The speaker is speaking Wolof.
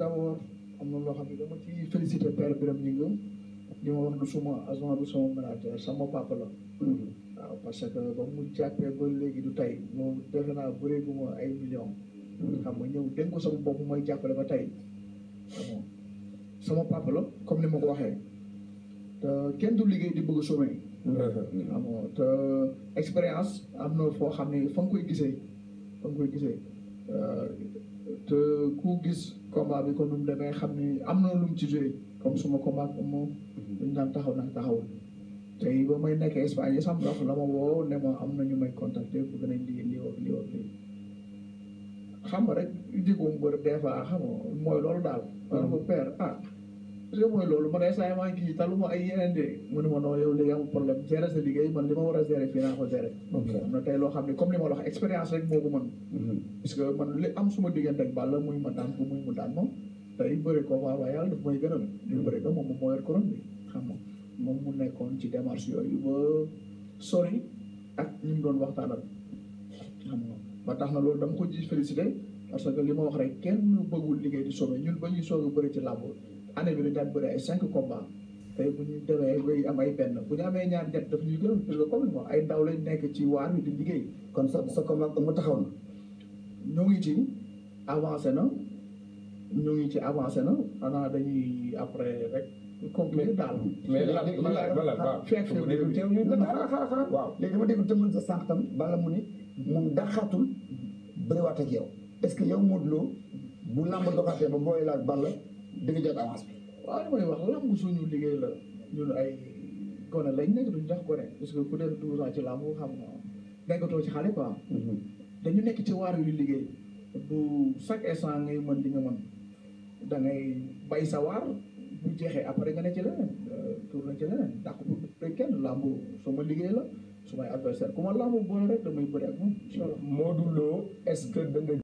d'abord am na loo xam ne dama ci félicité père Birame Gningue li ma wax na suma agent bi sama manager sama papa parce que ba mu jàppee ba léegi du tey moom defe naa bëri bu ma ay millions xam nga ñëw dénk ko sama bopp mooy jàppale ba tey sama papa comme ni ma ko waxee te kenn du liggéey di bëgg a somé xam te expérience am na foo xam ne fa koy gisee fa koy gisee te ku gis combat bi ko nu mu xam ne am na lu mu ci joué comme suma combat ak moom. dañu daan taxaw ndax taxawul. tey ba may nekk Espagne sam dox la ma woo ne ma am na ñu may contacter pour gën a lii ni woo lii woo lii xam nga rek diggu mbër des fois xam nga mooy loolu daal. wala mu père ah. léegi mooy loolu man ay saa yi maa ngi ci taluma ay yeneen de mu ne ma non yow léegi amul problème gérer sa liggéey man li ma war a gérer fii naa ko gérer. am na tey loo xam ne comme li ma la wax moo ko mën. parce que man li ko muy yàlla daf may gënal. li bëri ko bi xam nga moom mu nekkoon ci démarche yooyu ba sori ak ñu mu doon waxtaanal xam nga ba tax na loolu dama ko ji félicité parce que li ma wax rek kenn bëggul liggéey di soobee ñun ba ñuy soog a bëri ci làmb année bi dañu daan bëri ay cinq combats tey bu ñu demee bay amee ñaar ñett comme ay ndaw lañ nekk ci waar bi liggéey kon sa sa combat mu taxaw na ñoo ngi ci avancé na ñoo ngi ci avancé na xanaa dañuy après rek. compliqué daal. mais lan lan lan waaw fekk ñu teew ñu dara xaaral waaw léegi dama dégg tëmbal sa sànq tam bala mu ne moom daxaatul bëriwaat ak yow est-ce que yow Modou Lo bu làmb doxatee ba booy laaj Balla di nga jot a bi. waaw li may wax lamb suñu liggéey la ñun ay gone lañ nekk duñ sax gone parce que ku def douze ans ci lamb xam nga nekkatoo ci xale quoi. Mm-hmm. dañu nekk ci waar yu liggéey. bu chaque instant ngay mën di nga mën da bay sa waar bu jeexee après nga ne ci leneen euh, tur na ci leneen dàq bu fekkee kenn lamb sama liggéey la. su may adversaire ku ma laamu boole rek damay bëri ak moo Modou Lo est-ce que